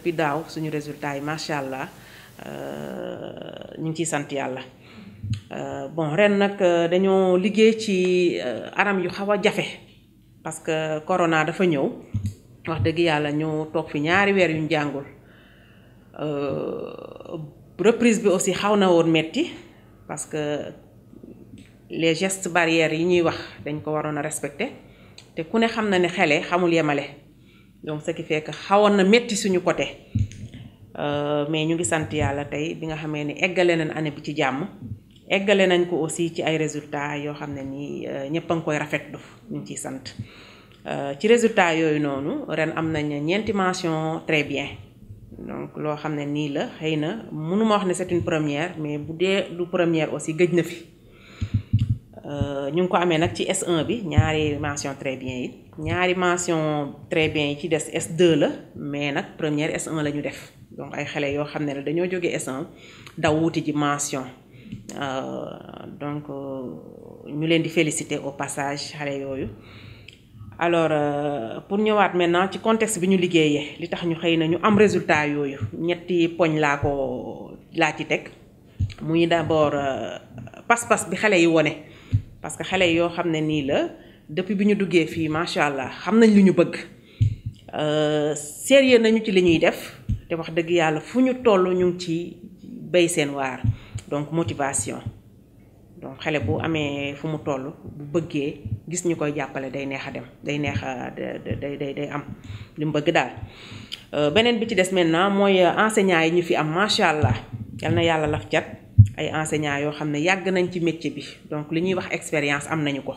depuis daaw suñu résultat yi macha allah euh, ñu ngi ciy sant yàlla euh, bon ren nag euh, dañoo liggéey ci anam yu xaw a jafe parce que corona dafa ñëw wax dëgg yàlla ñu toog fi ñaari weer yuñ jàngul reprise bi aussi xaw na woon metti parce que les gestes barrières yi ñuy wax dañ ko waroon a respecter te ku ne xam na ne xele xamul yemale donc ce qui fait que xawoon na métti suñu côté euh, mais ñu ngi sant yàlla tey bi nga xamee ni eggale nañ année bi ci jàmm eggale nañ ko aussi ci ay résultats yoo xam ne nii euh, ñëpp a ngi koy rafetlu ñu ngi ciy sant euh, ci résultats yooyu noonu ren am nañ ñeenti mention très bien donc loo xam ne nii la xëy na mënuma wax ne c'est une première mais bu dee du première aussi gëj na fi. Euh, ñu ngi ko amee nag ci S1 bi ñaari mention très bien yi ñaari mention très bien yi ci des S2 la mais nag première S1 la ñu def donc ay xale yoo xam ne la dañoo jógee S1 daw wuti ji mention euh, donc euh, ñu leen di féliciter au passage xale yooyu alors pour ñëwaat maintenant ci contexte bi ñu liggéeyee li tax ñu xëy na ñu am résultat yooyu ñetti poñ laa ko laa ci teg muy d'abord pas-pas bi xale yi wone parce que xale yoo xam ne nii la depuis bi ñu duggee fii macha allah xam nañ lu ñu bëgg euh, sérieux nañu ci li ñuy def te wax dëgg yàlla fu ñu toll ñu ngi ci bay seen waar donc motivation donc xale bu amee fu mu toll bu bëggee gis ñu koy jàppale day neex a dem day neex a day day day am li mu bëgg daal. Euh, beneen bi ci des maintenant mooy enseignants yi ñu fi am macha allah yal na yàlla laf cat. ay enseignants yoo xam ne yàgg nañ ci métier bi donc li ñuy wax expérience am nañu ko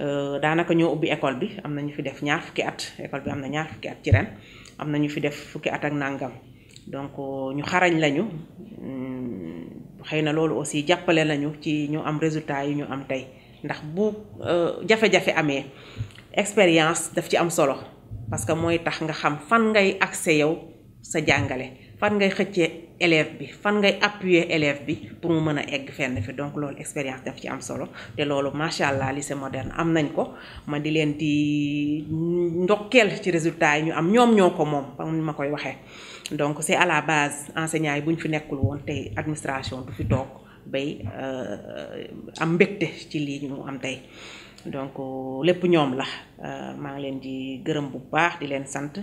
euh, daanaka ñoo ubbi école bi am na ñu fi def ñaar fukki at école bi am na ñaar fukki at ci ren am na ñu fi def fukki at ak nàngam donc euh, ñu xarañ lañu hmm, xëy na loolu aussi jàppale lañu ci ñu am résultat yi ñu am tey ndax bu euh, jafe-jafe amee expérience daf ci am solo parce que mooy tax nga xam fan ngay accès yow sa jàngale. fan ngay xëccee élève bi fan ngay appuyer élève bi pour mu mën egg fenn fi donc lool expérience daf ci am solo té loolu machallah lycée moderne am nañ ko ma di leen di ndokkel ci résultat yi ñu am ñoom ñoo ko moom ba ma koy waxee donc c'est à la base enseignant yi buñ fi nekkul woon tey administration du fi toog bay euh, am mbégte ci lii ñu am tey donc euh, lépp ñoom la euh, maa ngi leen di gërëm bu baax di leen sant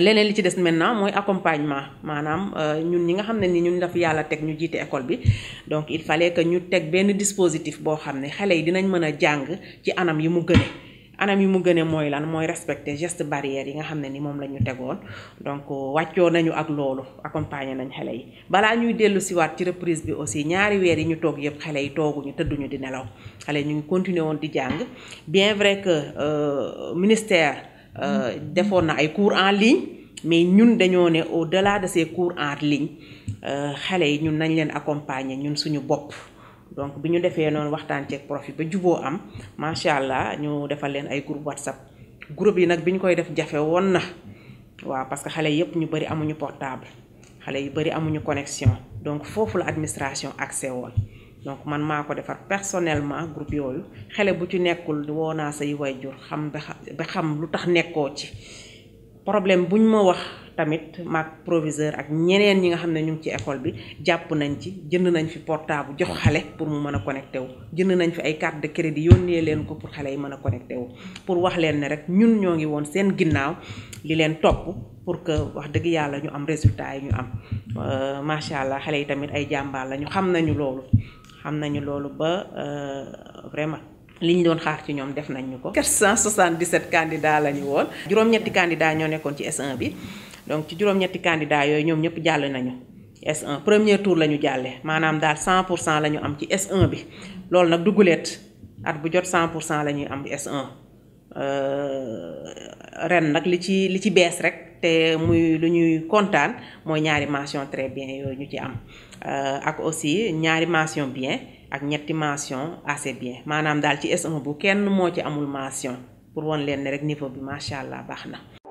leneen li ci des maintenant mooy accompagnement maanaam euh, ñun ñi nga xam ne ni ñun dafa yàlla teg ñu jiite école bi donc il fallait que ñu teg benn dispositif boo xam ne xale yi dinañ mën a jàng ci anam yi mu gëne anam yi mu gëne mooy lan mooy respecter geste barrière yi nga xam ne ni moom la ñu tegoon donc euh, wàccoo nañu ak loolu accompagner nañ xale yi balaa ñuy dellu siwaat ci reprise bi aussi ñaari weer yi ñu toog yëpp xale yi tooguñu tëdduñu di nelaw xale ñu ngi continuer woon di jàng bien vrai que euh, ministère euh, defoon na ay cours en ligne mais ñun au delà de ces cours en ligne euh, xale yi ñun nañ leen accompagner ñun suñu donc bi ñu non noonu waxtaan ceeg prof yi ba juboo am macha ñu groupe whatsapp groupe yi nag bi koy def parce que xale yépp ñu amuñu portable xale yu bari amuñu connexion donc foofu la administration accès donc man maa ko defar personnellement groupe yooyu xale bu ci nekkul woo naa say jur xam ba xam lu tax nekkoo ci problème bu buñ ma wax tamit maag proviseur ak ñeneen ñi nga xam ne ñu ngi ci école bi jàpp nañ ci jënd nañ fi portable jox xale pour mu mën a connecté wu jënd nañ fi ay carte de crédit yónnee leen ko pour xale yi mën a connecté wu pour wax leen ne rek ñun ñoo ngi woon seen ginnaaw li leen topp pour que wax dëgg yàlla ñu am résultat yi ñu am euh, macha allah xale yi tamit ay jàmbaar la ñu xam nañu loolu xam nañu loolu ba euh, vraiment li ñu doon xaar ci ñoom def nañ ñu ko. 477 candidats la ñu woon. juróom-ñetti candidats ñoo nekkoon ci s bi donc ci juróom-ñetti candidats yooyu ñoom ñëpp jàll nañu. S1 premier tour la ñu jàllee maanaam daal 100 pour cent la ñu am ci s bi loolu nag dugguleet at bu jot 100 pour cent la ñuy am S1 euh, ren nag li ci li ci bees rek. té muy lu ñuy kontaan mooy ñaari mention très bien yooyu ñu ci am euh ak aussi ñaari mention bien ak ñetti mention assez bien manam dal ci S1 bu kenn mo ci amul mention pour won len rek niveau bi machallah baxna